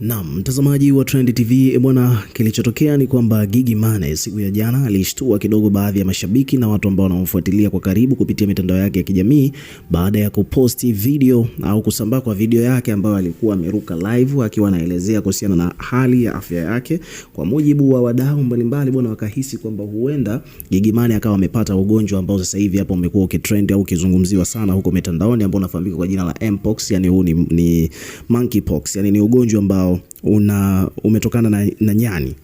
Naam, mtazamaji wa Trend TV eh, bwana, kilichotokea ni kwamba Gigy Money siku ya jana alishtua kidogo baadhi ya mashabiki na watu ambao wanamfuatilia kwa karibu kupitia mitandao yake ya kijamii baada ya kuposti video au kusambaa kwa video yake ambayo alikuwa ameruka live akiwa anaelezea kuhusiana na hali ya afya yake. Kwa mujibu wa wadau mbalimbali bwana, wakahisi kwamba huenda Gigy Money akawa amepata ugonjwa ambao sasa hivi hapo umekuwa ukitrend au ukizungumziwa sana huko mitandaoni ambao unafahamika kwa jina la Mpox, yani huu ni, ni monkeypox, yani ni ugonjwa ambao ambao una umetokana na, na nyani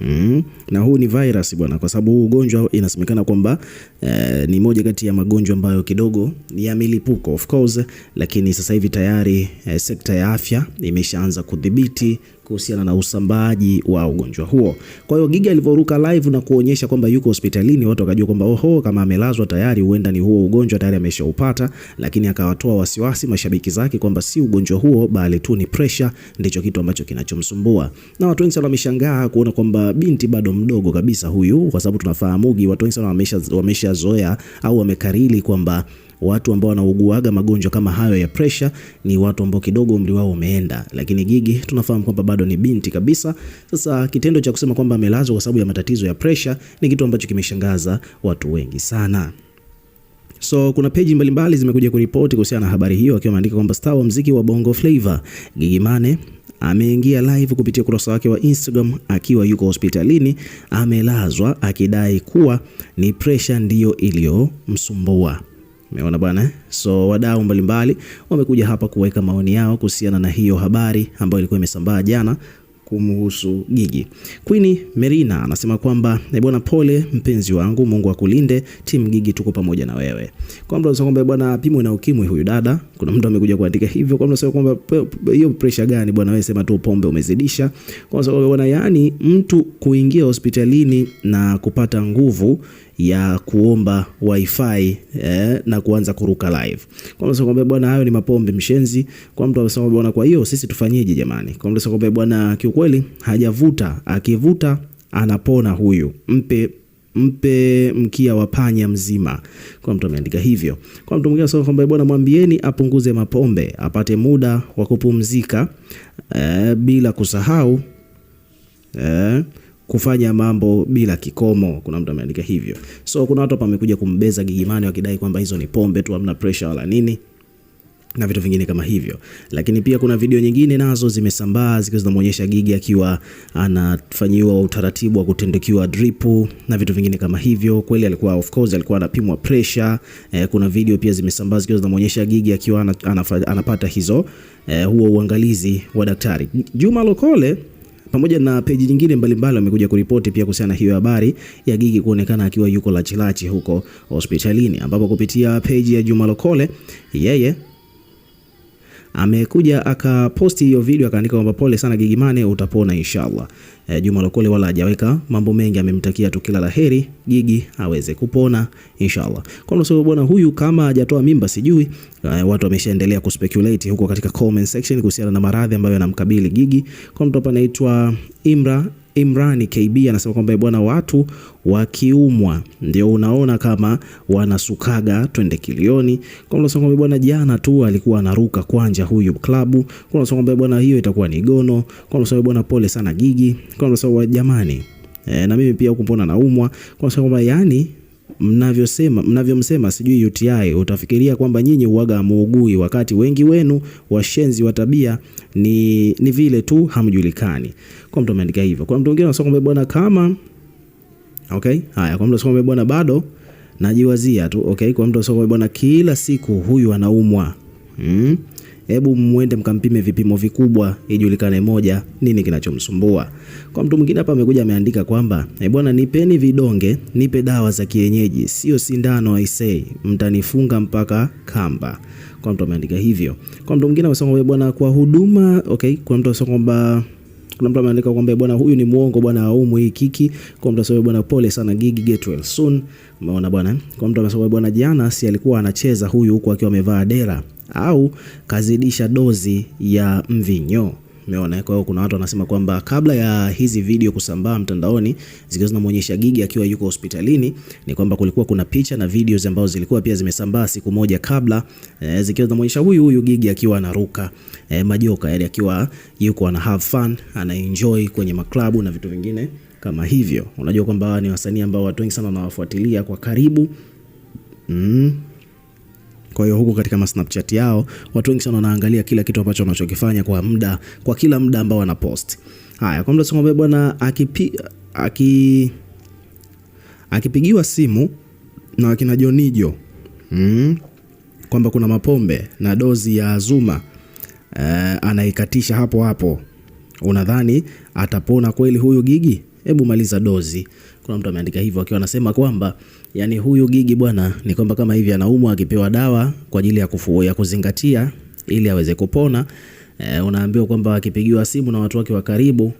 mm. Na huu ni virus bwana, kwa sababu huu ugonjwa inasemekana kwamba eh, ni moja kati ya magonjwa ambayo kidogo ni ya milipuko of course, lakini sasa hivi tayari eh, sekta ya afya imeshaanza kudhibiti kuhusiana na usambaaji wa ugonjwa huo. Kwa hiyo Gigy alivyoruka live na kuonyesha kwamba yuko hospitalini, watu wakajua kwamba oho, kama amelazwa tayari, huenda ni huo ugonjwa tayari ameshaupata, lakini akawatoa wasiwasi mashabiki zake kwamba si ugonjwa huo, bali tu ni pressure, ndicho kitu ambacho kinachomsumbua. Na watu wengi sana wameshangaa kuona kwamba binti bado mdogo kabisa huyu, kwa sababu tunafahamu watu wengi sana wameshazoea au wamekarili kwamba watu ambao wanauguaga magonjwa kama hayo ya pressure ni watu ambao kidogo umri wao umeenda, lakini Gigi tunafahamu kwamba bado ni binti kabisa. Sasa kitendo cha kusema kwamba amelazwa kwa sababu ya matatizo ya pressure ni kitu ambacho kimeshangaza watu wengi sana. So kuna peji mbalimbali zimekuja kuripoti kuhusiana na habari hiyo, akiwa ameandika kwamba star wa mziki wa Bongo Flava Gigy Money ameingia live kupitia ukurasa wake wa Instagram akiwa yuko hospitalini amelazwa, akidai kuwa ni pressure ndiyo iliyomsumbua. Umeona bwana, eh? so wadau mbalimbali wamekuja hapa kuweka maoni yao kuhusiana na hiyo habari ambayo ilikuwa imesambaa jana kumhusu Gigi. Queen Merina anasema kwamba eh bwana, pole mpenzi wangu, Mungu akulinde, timu Gigi tuko pamoja na wewe. mbona unasema kwamba bwana, apimwe na ukimwi huyu dada, kuna mtu amekuja kuandika hivyo, kwa sababu kwamba hiyo pressure gani bwana, wewe sema tu pombe umezidisha. Kwa sababu bwana, yani mtu kuingia hospitalini na kupata nguvu ya kuomba wifi eh, na kuanza kuruka live. Kwa mtu kwamba bwana, hayo ni mapombe mshenzi. Kwa mtu anasema bwana, kwa hiyo sisi tufanyeje jamani? Kwa mtu kwamba bwana, kiukweli hajavuta, akivuta anapona huyu, mpe mpe mkia wa panya mzima. Kwa mtu ameandika hivyo. Kwa mtu mwingine anasema kwamba eh, bwana, mwambieni apunguze mapombe, apate muda wa kupumzika e, bila kusahau e, kufanya mambo bila kikomo. Kuna mtu ameandika hivyo. So kuna watu hapa wamekuja kumbeza Gigimani wakidai kwamba hizo ni pombe tu, hamna pressure wala nini na vitu vingine kama hivyo, lakini pia kuna video nyingine nazo zimesambaa zikiwa zinamuonyesha Gigi akiwa anafanyiwa utaratibu wa kutendekiwa drip na vitu vingine kama hivyo. Kweli alikuwa of course alikuwa anapimwa pressure. E, kuna video pia zimesambaa zikiwa zinamuonyesha Gigi akiwa anapata hizo e, huo uangalizi wa daktari Juma Lokole pamoja na peji nyingine mbalimbali wamekuja kuripoti pia kuhusiana na hiyo habari ya Gigi kuonekana akiwa yuko lachilachi huko hospitalini, ambapo kupitia peji ya Juma Lokole yeye yeah, yeah amekuja akaposti hiyo video akaandika kwamba pole sana Gigimane, utapona inshallah. E, Juma Lokole wala hajaweka mambo mengi, amemtakia tu kila laheri Gigi aweze kupona inshallah. Kwa sababu bwana huyu kama hajatoa mimba sijui, e, watu wameshaendelea kuspeculate huko katika comment section kuhusiana na maradhi ambayo yanamkabili Gigi. Kwa mtu hapa anaitwa Imra Imran KB anasema kwamba eh, bwana, watu wakiumwa ndio unaona kama wanasukaga twende kilioni. Kwa unasema kwamba bwana, jana tu alikuwa anaruka kwanja huyu klabu. Kwa unasema kwamba bwana, hiyo itakuwa ni gono. Kwa unasema bwana, pole sana Gigi. Kwa unasema jamani, e, na mimi pia huko mbona naumwa. Kwa unasema kwamba yani mnavyosema mnavyomsema sijui UTI, utafikiria kwamba nyinyi uwaga muugui, wakati wengi wenu washenzi wa tabia ni, ni vile tu hamjulikani. Kwa mtu ameandika hivyo. Kwa mtu mwingine anasema bwana kama okay, haya. Kwa mtu anasema bwana bado najiwazia tu okay. Kwa mtu anasema bwana kila siku huyu anaumwa mm? hebu mwende mkampime vipimo vikubwa ijulikane moja nini kinachomsumbua. Kwa mtu mwingine hapa amekuja ameandika kwamba e, bwana nipeni vidonge, nipe dawa za kienyeji, sio sindano aisei, mtanifunga mpaka kamba. Kwa mtu ameandika hivyo. Kwa mtu mwingine amesema eh, bwana kwa huduma okay. Kuna mtu amesema kwamba kuna mtu ameandika kwamba bwana huyu ni muongo bwana, aumu hii kiki. Kwa mtu asema bwana, pole sana Gigi, get well soon. Umeona bwana. Eh? Kwa mtu amesema bwana, jana si alikuwa anacheza huyu huku akiwa amevaa dera, au kazidisha dozi ya mvinyo. Umeona? Kwa hiyo kuna watu wanasema kwamba kabla ya hizi video kusambaa mtandaoni zikiwa zinamuonyesha Gigi akiwa yuko hospitalini, ni kwamba kulikuwa kuna picha na videos ambazo zilikuwa pia zimesambaa siku moja kabla e, zikiwa zinamuonyesha huyu huyu Gigi akiwa anaruka e, majoka yale, akiwa yuko ana have fun, ana enjoy kwenye maklabu na vitu vingine kama hivyo. Unajua kwamba ni wasanii ambao watu wengi sana wanawafuatilia kwa karibu mm. Kwa hiyo huko katika Snapchat yao watu wengi sana wanaangalia kila kitu ambacho wanachokifanya kwa muda, kwa kila muda ambao wanapost. Haya, kwa mtu bwana akipi aki akipigiwa simu na wakina Jonijo mm, kwamba kuna mapombe na dozi ya Zuma e, anaikatisha hapo hapo. Unadhani atapona kweli huyu Gigi? Hebu maliza dozi. Kuna mtu ameandika hivyo akiwa anasema kwamba yani huyu Gigi bwana ni kwamba kama hivi anaumwa akipewa dawa kwa ajili ya kufu, ya kuzingatia ili aweze kupona e, unaambiwa kwamba akipigiwa simu na watu wake wa karibu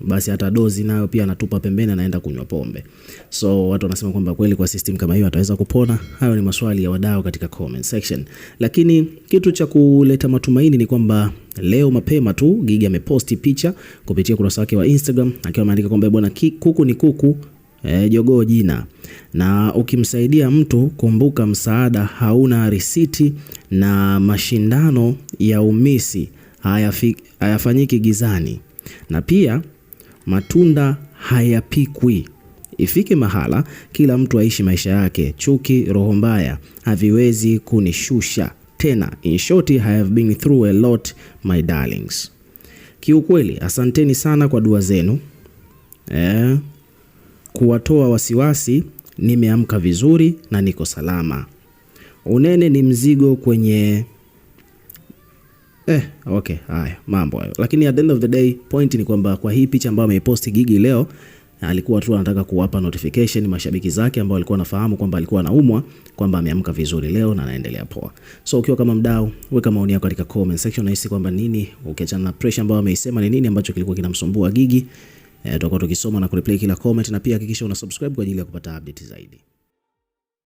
basi hata dozi nayo pia anatupa pembeni, anaenda kunywa pombe. So watu wanasema kwamba kweli kwa system kama hiyo ataweza kupona? Hayo ni maswali ya wadau katika comment section, lakini kitu cha kuleta matumaini ni kwamba leo mapema tu Gigi ameposti picha kupitia ukurasa wake wa Instagram akiwa ameandika kwamba bwana, kuku ni kuku e, jogoo jina. Na ukimsaidia mtu, kumbuka msaada hauna risiti na mashindano ya umisi hayafanyiki gizani, na pia matunda hayapikwi. Ifike mahala kila mtu aishi maisha yake. Chuki, roho mbaya haviwezi kunishusha tena. In short, I have been through a lot my darlings. Kiukweli asanteni sana kwa dua zenu eh kuwatoa wasiwasi, nimeamka vizuri na niko salama. Unene ni mzigo kwenye Eh, okay, haya mambo hayo, lakini at the end of the day point ni kwamba kwa hii picha ambayo ameiposti Gigi leo, alikuwa tu anataka kuwapa notification mashabiki zake ambao walikuwa wanafahamu kwamba alikuwa anaumwa, kwamba ameamka vizuri leo na anaendelea poa. So ukiwa kama mdau, weka maoni yako katika comment section, nahisi kwamba nini, ukiachana na pressure ambayo ameisema, ni nini ambacho kilikuwa kinamsumbua Gigi. Eh, tutakuwa tukisoma na kureplay kila comment, na pia hakikisha una subscribe kwa ajili ya kupata update zaidi.